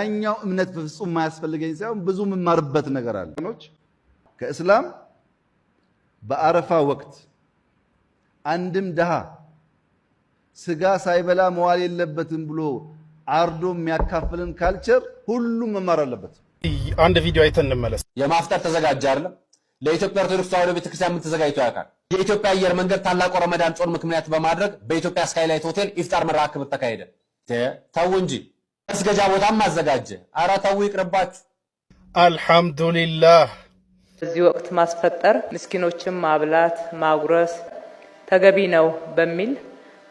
ያኛው እምነት በፍጹም ማያስፈልገኝ ሳይሆን ብዙ የምማርበት ነገር አለ። ከእስላም በአረፋ ወቅት አንድም ድሃ ስጋ ሳይበላ መዋል የለበትም ብሎ አርዶ የሚያካፍልን ካልቸር ሁሉም መማር አለበት። አንድ ቪዲዮ አይተን እንመለስ። የማፍጠር ተዘጋጀ አይደለም ለኢትዮጵያ ኦርቶዶክስ ተዋህዶ ቤተክርስቲያን ምን ተዘጋጅቶ ያውቃል? የኢትዮጵያ አየር መንገድ ታላቁ ረመዳን ጾም ምክንያት በማድረግ በኢትዮጵያ ስካይላይት ሆቴል ኢፍጣር መርሃ ግብር ተካሄደ። ተው እንጂ መስገጃ ቦታም አዘጋጀ። ኧረ ተው ይቅርባችሁ። አልሐምዱሊላህ በዚህ ወቅት ማስፈጠር፣ ምስኪኖችን ማብላት፣ ማጉረስ ተገቢ ነው በሚል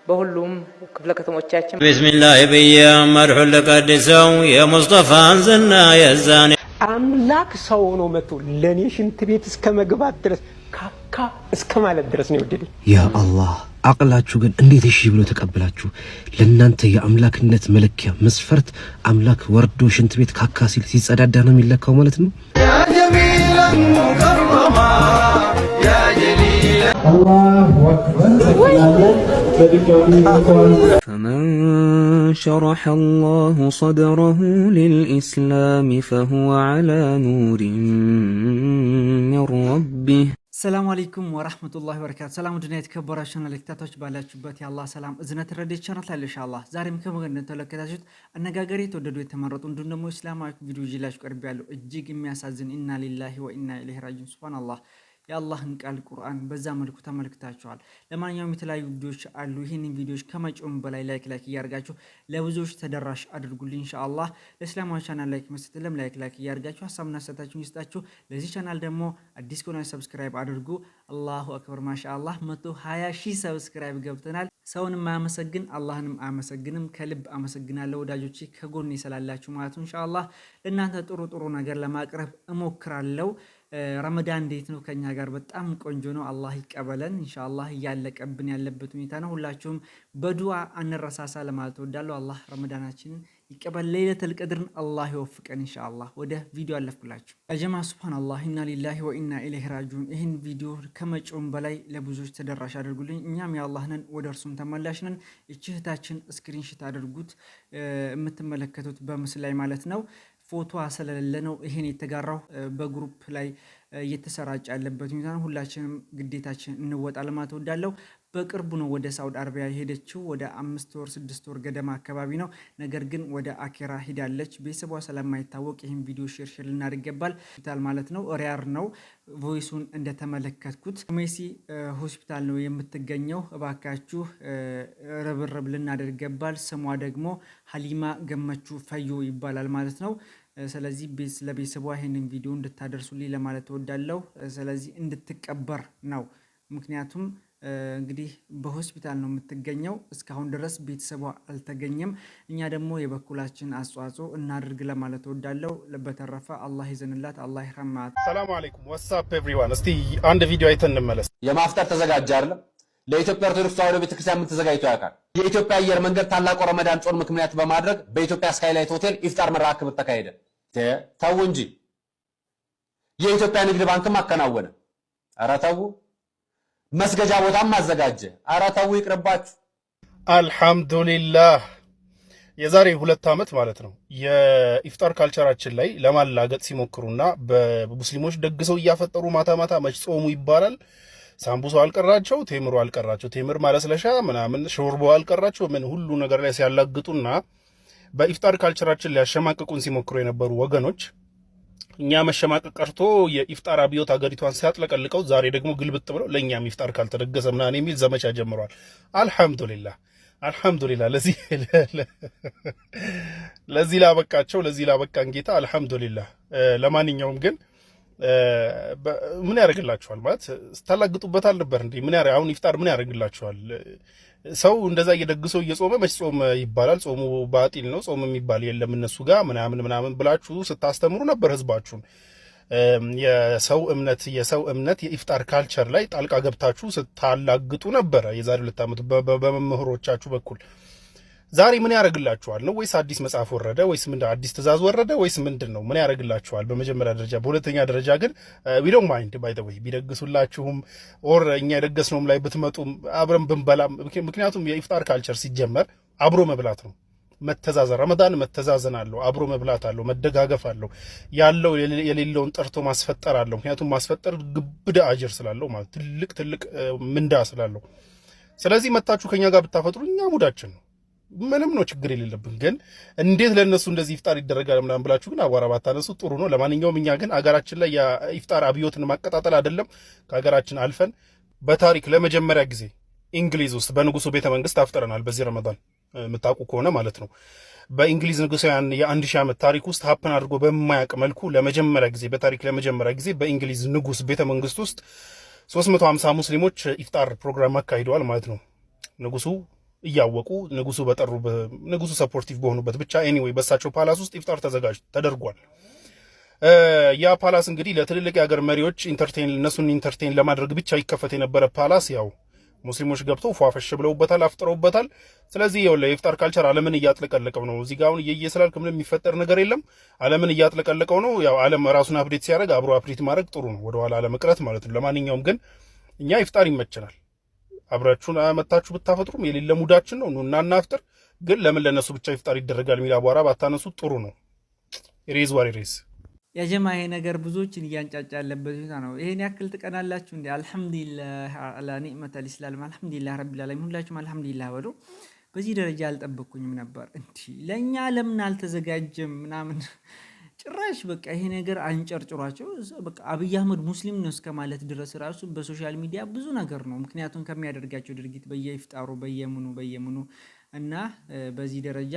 በሁሉም ክፍለ ከተሞቻችን ቢስሚላህ ብያ መድሑ ለቀድሰው የሙስጠፋን ዝና የዛኔ አምላክ ሰው ነው መቶ ለእኔ ሽንት ቤት እስከ መግባት ድረስ ካካ እስከ ማለት ድረስ ነው የወደደኝ ያ አላህ አቅላችሁ ግን እንዴት እሺ ብሎ ተቀበላችሁ? ለእናንተ የአምላክነት መለኪያ መስፈርት አምላክ ወርዶ ሽንት ቤት ካካ ሲል ሲጸዳዳ ነው የሚለካው ማለት ነው። ፈመን ሸረሐ አላሁ ሰድረሁ ሊልኢስላሚ ፈሁወ ዐላ ኑሪን ሚን ረቢህ ሰላሙ አለይኩም ወራህመቱላሂ ወበረካቱ። ሰላም ድና የተከበራችሁ ተመልካቾች ባላችሁበት የአላህ ሰላም እዝነት ረድኤት ቸርነት ላይ ኢንሻአላህ ዛሬም ከመገነ ተመለከታችሁት አነጋገር የተወደዱ የተመረጡ እንዲሁም ደግሞ እስላማዊ ቪዲዮ ይዤላችሁ ቀርቤያለሁ። እጅግ የሚያሳዝን ኢና ሊላሂ ወኢና ኢለይሂ ራጂዑን ሱብሃንአላህ የአላህን ቃል ቁርአን በዛ መልኩ ተመልክታችኋል። ለማንኛውም የተለያዩ ቪዲዮዎች አሉ። ይህንን ቪዲዮዎች ከመጪውም በላይ ላይክ ላይክ እያደርጋችሁ ለብዙዎች ተደራሽ አድርጉልኝ ኢንሻአላህ። ለእስላማዊ ቻናል ላይክ መስትለም ላይክ ላይክ እያደርጋችሁ ሀሳብ እናሰታችሁን ይስጣችሁ። ለዚህ ቻናል ደግሞ አዲስ ከሆነ ሰብስክራይብ አድርጉ። አላሁ አክበር ማሻአላህ መቶ ሀያ ሺህ ሰብስክራይብ ገብተናል። ሰውንም አያመሰግን አላህንም አያመሰግንም። ከልብ አመሰግናለሁ ወዳጆች ከጎን የሰላላችሁ ማለት ነው። ኢንሻአላህ ለእናንተ ጥሩ ጥሩ ነገር ለማቅረብ እሞክራለሁ። ረመዳን እንዴት ነው? ከኛ ጋር በጣም ቆንጆ ነው። አላህ ይቀበለን። ኢንሻአላህ እያለቀብን ያለበት ሁኔታ ነው። ሁላችሁም በዱዓ አንረሳሳ ለማለት እወዳለሁ። አላህ ረመዳናችንን ይቀበል። ለይለተል ቀድርን አላህ ይወፍቀን ኢንሻአላህ። ወደ ቪዲዮ አለፍኩላችሁ አጀማ። ሱብሃንአላህ ኢና ሊላሂ ወኢና ኢለይሂ ራጂዑን። ይህን ቪዲዮ ከመጪውም በላይ ለብዙዎች ተደራሽ አድርጉልኝ። እኛም የአላህ ነን፣ ወደ እርሱም ተመላሽ ነን። እችህታችን ስክሪንሽት አድርጉት፣ የምትመለከቱት በምስል ላይ ማለት ነው። ፎቶ ስለሌለ ነው ይሄን የተጋራው። በግሩፕ ላይ እየተሰራጨ ያለበት ሁኔታ ነው። ሁላችንም ግዴታችን እንወጣ። ልማት ወዳለው በቅርቡ ነው ወደ ሳውዲ አረቢያ የሄደችው። ወደ አምስት ወር ስድስት ወር ገደማ አካባቢ ነው። ነገር ግን ወደ አኬራ ሂዳለች። ቤተሰቧ ስለማይታወቅ ይህን ቪዲዮ ሼር ሼር ልናደርግ ይገባል። ሆስፒታል ማለት ነው ሪያር ነው። ቮይሱን እንደተመለከትኩት ሜሲ ሆስፒታል ነው የምትገኘው። እባካችሁ ርብርብ ልናደርግ ይገባል። ስሟ ደግሞ ሀሊማ ገመቹ ፈዮ ይባላል ማለት ነው። ስለዚህ ለቤተሰቧ ይህንን ቪዲዮ እንድታደርሱልኝ ለማለት ትወዳለሁ። ስለዚህ እንድትቀበር ነው። ምክንያቱም እንግዲህ በሆስፒታል ነው የምትገኘው። እስካሁን ድረስ ቤተሰቧ አልተገኘም። እኛ ደግሞ የበኩላችን አስተዋጽኦ እናድርግ ለማለት ወዳለው። በተረፈ አላህ ይዘንላት፣ አላህ ይረማት። ሰላም አለይኩም ኤቭሪዋን። እስቲ አንድ ቪዲዮ አይተን እንመለስ። የማፍጠር ተዘጋጀ አለ ለኢትዮጵያ ኦርቶዶክስ ተዋሕዶ ቤተክርስቲያን ምን ተዘጋጅቶ ያውቃል? የኢትዮጵያ አየር መንገድ ታላቁ ረመዳን ጾም ምክንያት በማድረግ በኢትዮጵያ ስካይላይት ሆቴል ኢፍጣር መርሃ ግብር ተካሄደ። ተው እንጂ የኢትዮጵያ ንግድ ባንክም አከናወነ። ኧረ ተው። መስገጃ ቦታም አዘጋጀ። ኧረ ተው ይቅርባችሁ። አልሐምዱሊላህ የዛሬ ሁለት ዓመት ማለት ነው የኢፍጣር ካልቸራችን ላይ ለማላገጥ ሲሞክሩና በሙስሊሞች ደግሰው እያፈጠሩ ማታ ማታ መች ጾሙ ይባላል ሳምቡሶ አልቀራቸው ቴምሮ አልቀራቸው ቴምር ማለስለሻ ምናምን ሾርቦ አልቀራቸው ምን ሁሉ ነገር ላይ ሲያላግጡና በኢፍጣር ካልቸራችን ሊያሸማቅቁን ሲሞክሩ የነበሩ ወገኖች እኛ መሸማቀቅ ቀርቶ የኢፍጣር አብዮት አገሪቷን ሲያጥለቀልቀው ዛሬ ደግሞ ግልብጥ ብለው ለእኛም ኢፍጣር ካልተደገሰ ምናን የሚል ዘመቻ ጀምሯል። አልሐምዱሊላ አልሐምዱሊላ ለዚህ ላበቃቸው ለዚህ ላበቃን ጌታ አልሐምዱሊላ። ለማንኛውም ግን ምን ያደርግላችኋል ማለት ስታላግጡበት አልነበር እንዴ? ምን አሁን ኢፍጣር ምን ያደርግላችኋል? ሰው እንደዛ እየደግሰው እየጾመ መች ጾም ይባላል? ጾሙ ባጢል ነው፣ ጾም የሚባል የለም እነሱ ጋር ምናምን ምናምን ብላችሁ ስታስተምሩ ነበር ህዝባችሁን። የሰው እምነት የሰው እምነት የኢፍጣር ካልቸር ላይ ጣልቃ ገብታችሁ ስታላግጡ ነበረ የዛሬ ሁለት ዓመት በመምህሮቻችሁ በኩል ዛሬ ምን ያደርግላችኋል ነው? ወይስ አዲስ መጽሐፍ ወረደ? ወይስ ምን አዲስ ትእዛዝ ወረደ? ወይስ ምንድን ነው? ምን ያደርግላችኋል? በመጀመሪያ ደረጃ። በሁለተኛ ደረጃ ግን ዊ ዶንት ማይንድ ባይ ዘ ወይ ቢደግሱላችሁም ኦር እኛ የደገስነውም ላይ ብትመጡም አብረን ብንበላም፣ ምክንያቱም የኢፍጣር ካልቸር ሲጀመር አብሮ መብላት ነው። መተዛዘን ረመዳን መተዛዘን አለው፣ አብሮ መብላት አለው፣ መደጋገፍ አለው፣ ያለው የሌለውን ጠርቶ ማስፈጠር አለው። ምክንያቱም ማስፈጠር ግብደ አጅር ስላለው ማለት ትልቅ ትልቅ uh, ምንዳ ስላለው፣ ስለዚህ መታችሁ ከኛ ጋር ብታፈጥሩ እኛ ሙዳችን ነው። ምንም ነው ችግር የሌለብን። ግን እንዴት ለእነሱ እንደዚህ ይፍጣር ይደረጋል ምናምን ብላችሁ ግን አቧራ ባታነሱ ጥሩ ነው። ለማንኛውም እኛ ግን አገራችን ላይ የኢፍጣር አብዮትን ማቀጣጠል አይደለም ከሀገራችን አልፈን በታሪክ ለመጀመሪያ ጊዜ እንግሊዝ ውስጥ በንጉሱ ቤተ መንግስት አፍጥረናል። በዚህ ረመዳን የምታውቁ ከሆነ ማለት ነው። በእንግሊዝ ንጉሳውያን የአንድ ሺህ ዓመት ታሪክ ውስጥ ሀፕን አድርጎ በማያውቅ መልኩ ለመጀመሪያ ጊዜ በታሪክ ለመጀመሪያ ጊዜ በእንግሊዝ ንጉስ ቤተ መንግስት ውስጥ 350 ሙስሊሞች ኢፍጣር ፕሮግራም አካሂደዋል ማለት ነው ንጉሱ እያወቁ ንጉሱ በጠሩ ንጉሱ ሰፖርቲቭ በሆኑበት ብቻ ኤኒዌይ በሳቸው ፓላስ ውስጥ ኢፍጣር ተዘጋጅ ተደርጓል። ያ ፓላስ እንግዲህ ለትልልቅ የሀገር መሪዎች ኢንተርቴን እነሱን ኢንተርቴን ለማድረግ ብቻ ይከፈት የነበረ ፓላስ ያው ሙስሊሞች ገብተው ፏፈሽ ብለውበታል፣ አፍጥረውበታል። ስለዚህ ይኸው የኢፍጣር ካልቸር ዓለምን እያጥለቀለቀው ነው። እዚህ ጋር አሁን እየየ ስላልክ ምንም የሚፈጠር ነገር የለም። ዓለምን እያጥለቀለቀው ነው። ያው ዓለም ራሱን አፕዴት ሲያደርግ አብሮ አፕዴት ማድረግ ጥሩ ነው፣ ወደኋላ አለመቅረት ማለት ነው። ለማንኛውም ግን እኛ ኢፍጣር ይመቸናል። አብራችሁን አመታችሁ ብታፈጥሩም የሌለ ሙዳችን ነው። ኑና እናፍጥር። ግን ለምን ለእነሱ ብቻ ይፍጠር ይደረጋል የሚል አቧራ ባታነሱ ጥሩ ነው። ሬዝ ዋሪ ሬዝ የጀማ ይሄ ነገር ብዙዎችን እያንጫጫ ያለበት ሁኔታ ነው። ይሄን ያክል ትቀናላችሁ እንዲ አልሐምዱሊላህ አላ ኒዕመት አልኢስላም አልሐምዱሊላህ ረቢል ዓለሚን ሁላችሁም አልሐምዱሊላህ በሉ። በዚህ ደረጃ አልጠበቅኩኝም ነበር። እንዲ ለእኛ ለምን አልተዘጋጀም ምናምን ጭራሽ በቃ ይሄ ነገር አንጨርጭሯቸው አብይ አህመድ ሙስሊም ነው እስከ ማለት ድረስ ራሱ በሶሻል ሚዲያ ብዙ ነገር ነው። ምክንያቱም ከሚያደርጋቸው ድርጊት በየፍጣሩ በየምኑ በየምኑ እና በዚህ ደረጃ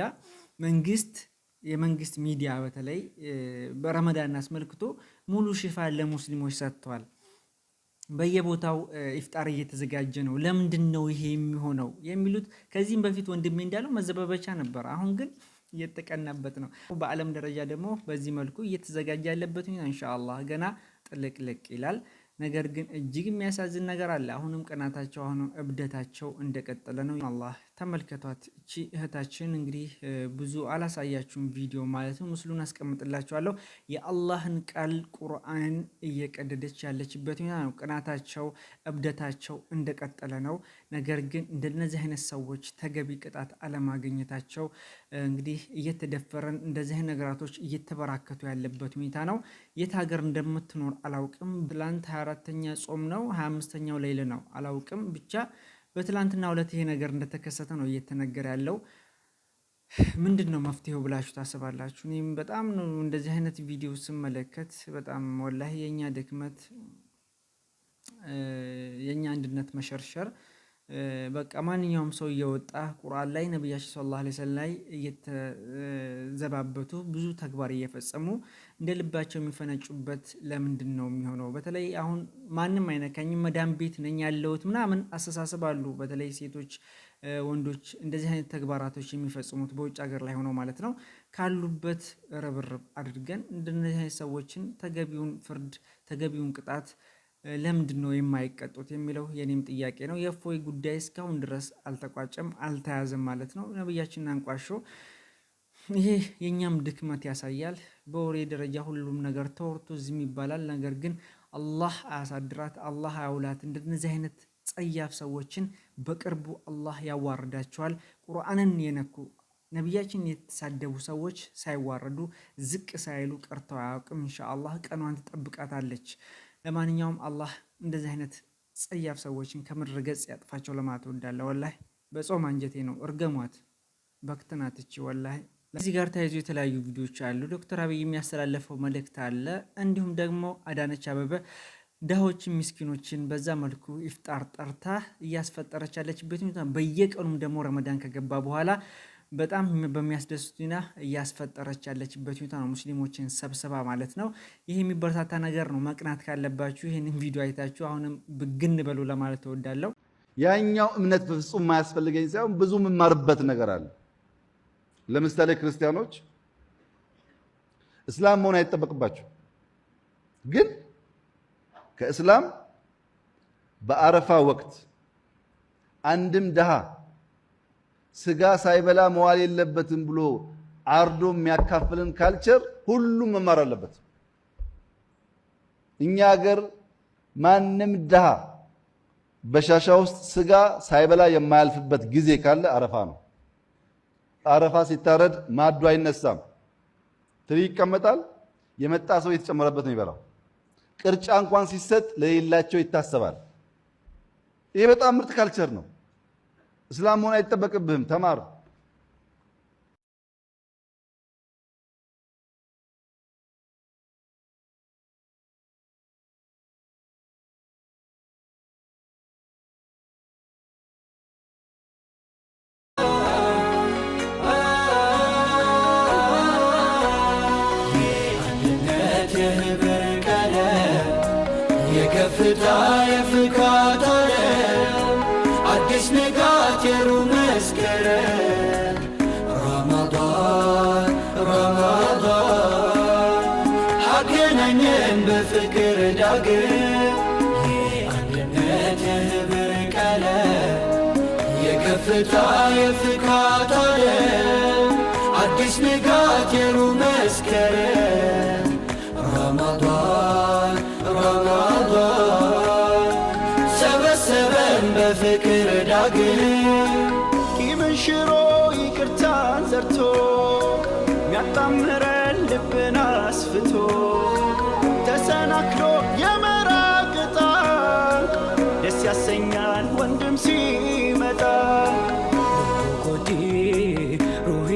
መንግስት የመንግስት ሚዲያ በተለይ በረመዳን አስመልክቶ ሙሉ ሽፋን ለሙስሊሞች ሰጥቷል። በየቦታው ኢፍጣር እየተዘጋጀ ነው። ለምንድን ነው ይሄ የሚሆነው የሚሉት ከዚህም በፊት ወንድሜ እንዳለው መዘበበቻ ነበር። አሁን ግን እየተቀናበት ነው። በዓለም ደረጃ ደግሞ በዚህ መልኩ እየተዘጋጀ ያለበት ሁኔታ እንሻአላህ ገና ጥልቅልቅ ይላል። ነገር ግን እጅግ የሚያሳዝን ነገር አለ። አሁንም ቀናታቸው አሁንም እብደታቸው እንደቀጠለ ነው። አላህ ተመልከቷት። እቺ እህታችን እንግዲህ ብዙ አላሳያችሁም ቪዲዮ ማለት ነው። ምስሉን አስቀምጥላችኋለሁ። የአላህን ቃል ቁርአንን እየቀደደች ያለችበት ሁኔታ ነው። ቅናታቸው፣ እብደታቸው እንደቀጠለ ነው። ነገር ግን እንደነዚህ አይነት ሰዎች ተገቢ ቅጣት አለማግኘታቸው እንግዲህ እየተደፈረን እንደዚህ ነገራቶች እየተበራከቱ ያለበት ሁኔታ ነው። የት ሀገር እንደምትኖር አላውቅም። ትላንት 24ተኛ ጾም ነው፣ 25ተኛው ሌይል ነው አላውቅም ብቻ በትላንትና ሁለት ይሄ ነገር እንደተከሰተ ነው እየተነገረ ያለው። ምንድን ነው መፍትሄው ብላችሁ ታስባላችሁ? እኔም በጣም ነው እንደዚህ አይነት ቪዲዮ ስመለከት በጣም ወላሂ የእኛ ድክመት የእኛ አንድነት መሸርሸር በቃ ማንኛውም ሰው እየወጣ ቁርአን ላይ ነቢያችን ሰለላሁ ዐለይሂ ወሰለም ላይ እየተዘባበቱ ብዙ ተግባር እየፈጸሙ እንደ ልባቸው የሚፈነጩበት ለምንድን ነው የሚሆነው? በተለይ አሁን ማንም አይነካኝም መዳም ቤት ነኝ ያለሁት ምናምን አስተሳሰብ አሉ። በተለይ ሴቶች፣ ወንዶች እንደዚህ አይነት ተግባራቶች የሚፈጽሙት በውጭ ሀገር ላይ ሆነው ማለት ነው። ካሉበት ርብርብ አድርገን እንደነዚህ አይነት ሰዎችን ተገቢውን ፍርድ፣ ተገቢውን ቅጣት ለምንድን ነው የማይቀጡት የሚለው የኔም ጥያቄ ነው። የእፎይ ጉዳይ እስካሁን ድረስ አልተቋጨም፣ አልተያዘም ማለት ነው። ነብያችን አንቋሾ ይሄ የእኛም ድክመት ያሳያል። በወሬ ደረጃ ሁሉም ነገር ተወርቶ ዝም ይባላል። ነገር ግን አላህ አያሳድራት፣ አላህ አያውላት። እንደነዚህ አይነት ጸያፍ ሰዎችን በቅርቡ አላህ ያዋርዳቸዋል። ቁርአንን የነኩ ነቢያችን የተሳደቡ ሰዎች ሳይዋረዱ ዝቅ ሳይሉ ቀርተው አያውቅም። እንሻአላህ ቀኗን ትጠብቃታለች። ለማንኛውም አላህ እንደዚህ አይነት ጸያፍ ሰዎችን ከምድረ ገጽ ያጥፋቸው ለማለት እወዳለሁ። ወላሂ በጾም አንጀቴ ነው እርገሟት በክትናትች ወላሂ እዚህ ጋር ተያይዞ የተለያዩ ቪዲዮዎች አሉ። ዶክተር አብይ የሚያስተላለፈው መልእክት አለ። እንዲሁም ደግሞ አዳነች አበበ ድሆችን ምስኪኖችን በዛ መልኩ ኢፍጣር ጠርታ እያስፈጠረች ያለችበት ሁኔታ በየቀኑም ደግሞ ረመዳን ከገባ በኋላ በጣም በሚያስደስት ሁኔታ እያስፈጠረች ያለችበት ሁኔታ ነው። ሙስሊሞችን ሰብስባ ማለት ነው። ይህ የሚበረታታ ነገር ነው። መቅናት ካለባችሁ ይህንን ቪዲዮ አይታችሁ አሁንም ብግን በሉ ለማለት እወዳለሁ። ያኛው እምነት በፍጹም ማያስፈልገኝ ሳይሆን ብዙ የምማርበት ነገር አለ ለምሳሌ ክርስቲያኖች እስላም መሆን አይጠበቅባቸው፣ ግን ከእስላም በአረፋ ወቅት አንድም ድሃ ስጋ ሳይበላ መዋል የለበትም ብሎ አርዶ የሚያካፍልን ካልቸር ሁሉም መማር አለበት። እኛ ሀገር ማንም ድሃ በሻሻ ውስጥ ስጋ ሳይበላ የማያልፍበት ጊዜ ካለ አረፋ ነው። አረፋ ሲታረድ ማዱ አይነሳም። ትሪ ይቀመጣል። የመጣ ሰው የተጨመረበት ነው ይበላው። ቅርጫ እንኳን ሲሰጥ ለሌላቸው ይታሰባል። ይሄ በጣም ምርጥ ካልቸር ነው። እስላም መሆን አይጠበቅብህም፣ ተማር። አዲስ ንጋት የሩ መስከረም ረመዳን ረመዳን አገናኘን በፍቅር ዳግም የአንድነት የህብር የከፍታ የፍካት አዲስ ንጋት የሩ መስከረም በፍቅር ዳግም ቂምን ሽሮ ይቅርታን ዘርቶ ሚያጣምረን ልብን አስፍቶ ተሰናክሎ የመራቅጣ ደስ ያሰኛል ወንድም ሲመጣ ኮዲ ሩሂ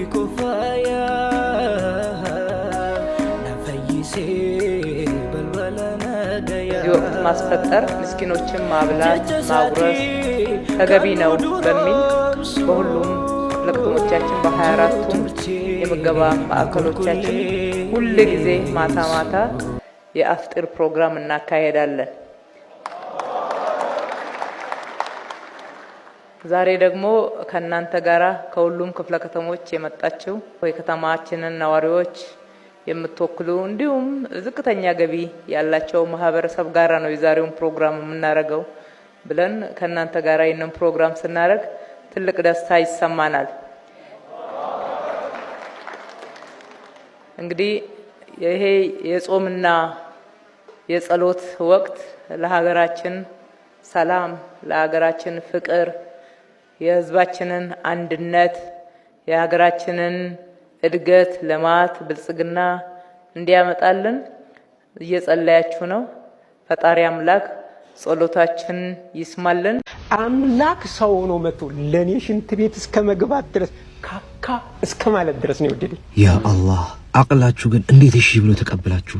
ነፈይሴ በልበለነደያ ማስፈጠር ምስኪኖችን ማብላት ማጉረስ ተገቢ ነው በሚል በሁሉም ለከተሞቻችን በ24ቱም የምገባ ማዕከሎቻችን ሁል ጊዜ ማታ ማታ የአፍጢር ፕሮግራም እናካሄዳለን። ዛሬ ደግሞ ከእናንተ ጋራ ከሁሉም ክፍለ ከተሞች የመጣችው የከተማችንን ነዋሪዎች የምትወክሉ እንዲሁም ዝቅተኛ ገቢ ያላቸው ማህበረሰብ ጋራ ነው የዛሬውን ፕሮግራም የምናደርገው። ብለን ከእናንተ ጋር ይህንን ፕሮግራም ስናደርግ ትልቅ ደስታ ይሰማናል። እንግዲህ ይሄ የጾምና የጸሎት ወቅት ለሀገራችን ሰላም፣ ለሀገራችን ፍቅር፣ የህዝባችንን አንድነት፣ የሀገራችንን እድገት፣ ልማት፣ ብልጽግና እንዲያመጣልን እየጸለያችሁ ነው። ፈጣሪ አምላክ ጸሎታችን ይስማልን። አምላክ ሰው ሆኖ መጥቶ ለእኔ ሽንት ቤት እስከ መግባት ድረስ ካካ እስከ ማለት ድረስ ነው የወደደኝ። ያ አላህ አቅላችሁ ግን እንዴት እሺ ብሎ ተቀብላችሁ?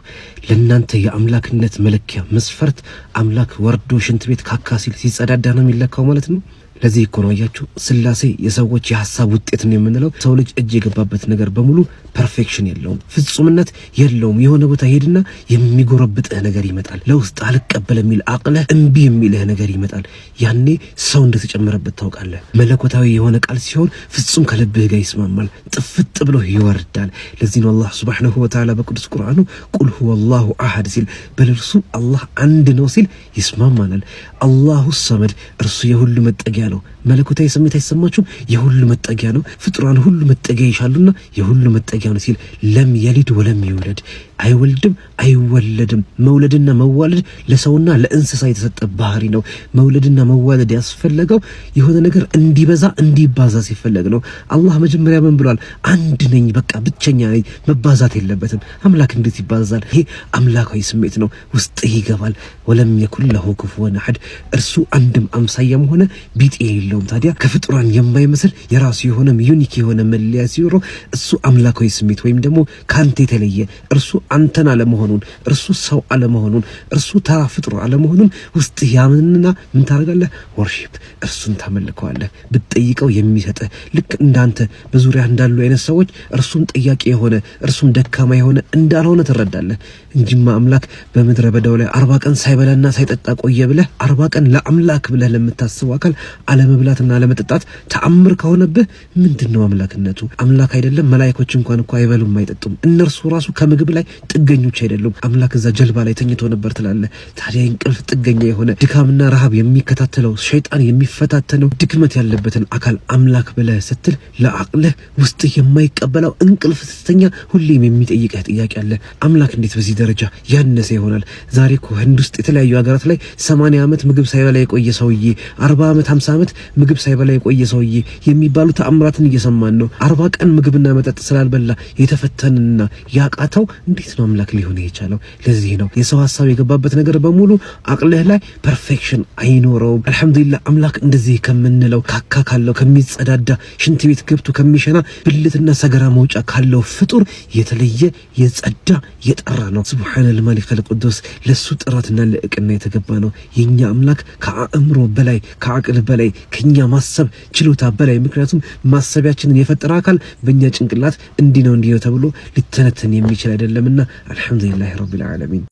ለእናንተ የአምላክነት መለኪያ መስፈርት አምላክ ወርዶ ሽንት ቤት ካካ ሲል ሲጸዳዳ ነው የሚለካው ማለት ነው። ለዚህ እኮ ነው እያችሁ ስላሴ የሰዎች የሀሳብ ውጤት ነው የምንለው። ሰው ልጅ እጅ የገባበት ነገር በሙሉ ፐርፌክሽን የለውም፣ ፍጹምነት የለውም። የሆነ ቦታ ሄድና የሚጎረብጥህ ነገር ይመጣል። ለውስጥ አልቀበል የሚል አቅለህ እምቢ የሚልህ ነገር ይመጣል። ያኔ ሰው እንደተጨመረበት ታውቃለህ። መለኮታዊ የሆነ ቃል ሲሆን ፍጹም ከልብህ ጋር ይስማማል፣ ጥፍጥ ብሎ ይወርዳል። ለዚህ ነው አላህ ሱብሓነሁ ወተዓላ በቅዱስ ቁርአኑ ቁል ሁወ አላሁ አሐድ ሲል በልርሱ አላህ አንድ ነው ሲል ይስማማናል። አላሁ ሰመድ እርሱ የሁሉ መጠጊያ cielo መለኮታዊ ስሜት አይሰማችሁም? የሁሉ መጠጊያ ነው። ፍጡራን ሁሉ መጠጊያ ይሻሉና የሁሉ መጠጊያ ነው ሲል ለም የሊድ ወለም ይውለድ፣ አይወልድም አይወለድም። መውለድና መዋለድ ለሰውና ለእንስሳ የተሰጠ ባህሪ ነው። መውለድና መዋለድ ያስፈለገው የሆነ ነገር እንዲበዛ እንዲባዛ ሲፈለግ ነው። አላህ መጀመሪያ ምን ብሏል? አንድ ነኝ፣ በቃ ብቸኛ ነኝ፣ መባዛት የለበትም። አምላክ እንዴት ይባዛል? ይሄ አምላካዊ ስሜት ነው፣ ውስጥ ይገባል። ወለም የኩን ለሁ ክፉወን አሐድ እርሱ አንድም አምሳያም ሆነ ቢጤ የሌለው የለውም። ታዲያ ከፍጡራን የማይመስል የራሱ የሆነ ዩኒክ የሆነ መለያ ሲኖረው እሱ አምላካዊ ስሜት ወይም ደግሞ ከአንተ የተለየ እርሱ አንተን አለመሆኑን እርሱ ሰው አለመሆኑን እርሱ ተራ ፍጡር አለመሆኑን ውስጥ ያምንና ምን ታደርጋለህ? ወርሺፕ እርሱን ታመልከዋለህ። ብትጠይቀው የሚሰጥ ልክ እንዳንተ በዙሪያ እንዳሉ አይነት ሰዎች እርሱም ጠያቂ የሆነ እርሱም ደካማ የሆነ እንዳልሆነ ትረዳለህ። እንጂማ አምላክ በምድረ በዳው ላይ አርባ ቀን ሳይበላና ሳይጠጣ ቆየ ብለህ አርባ ቀን ለአምላክ ብለህ ለምታስበው አካል አለመብላ ለመብላትና ለመጠጣት ተአምር ከሆነብህ ምንድን ነው አምላክነቱ? አምላክ አይደለም መላይኮች እንኳን እኮ አይበሉም አይጠጡም። እነርሱ ራሱ ከምግብ ላይ ጥገኞች አይደሉም። አምላክ እዛ ጀልባ ላይ ተኝቶ ነበር ትላለ። ታዲያ እንቅልፍ ጥገኛ የሆነ ድካምና ረሃብ የሚከታተለው ሸይጣን የሚፈታተነው ድክመት ያለበትን አካል አምላክ ብለህ ስትል ለአቅልህ ውስጥ የማይቀበለው እንቅልፍ ስተኛ ሁሌም የሚጠይቀህ ጥያቄ አለ። አምላክ እንዴት በዚህ ደረጃ ያነሰ ይሆናል? ዛሬ እኮ ህንድ ውስጥ የተለያዩ ሀገራት ላይ ሰማንያ ዓመት ምግብ ሳይበላ የቆየ ሰውዬ አርባ ዓመት ሀምሳ ዓመት ምግብ ሳይበላ የቆየ ሰውዬ የሚባሉ ተአምራትን እየሰማን ነው። አርባ ቀን ምግብና መጠጥ ስላልበላ የተፈተንና ያቃተው እንዴት ነው አምላክ ሊሆን የቻለው? ለዚህ ነው የሰው ሀሳብ የገባበት ነገር በሙሉ አቅልህ ላይ ፐርፌክሽን አይኖረውም። አልሐምዱሊላህ አምላክ እንደዚህ ከምንለው ካካ ካለው ከሚጸዳዳ ሽንት ቤት ገብቶ ከሚሸና ብልትና ሰገራ መውጫ ካለው ፍጡር የተለየ የጸዳ የጠራ ነው። ስብሓን ልማሊክ ልቅዱስ ለሱ ጥራትና ለእቅና የተገባ ነው። የእኛ አምላክ ከአእምሮ በላይ ከአቅል በላይ ከኛ ማሰብ ችሎታ በላይ ምክንያቱም ማሰቢያችንን የፈጠረ አካል በእኛ ጭንቅላት እንዲህ ነው እንዲህ ነው ተብሎ ሊተነተን የሚችል አይደለምና አልሐምዱሊላህ ረቢል ዓለሚን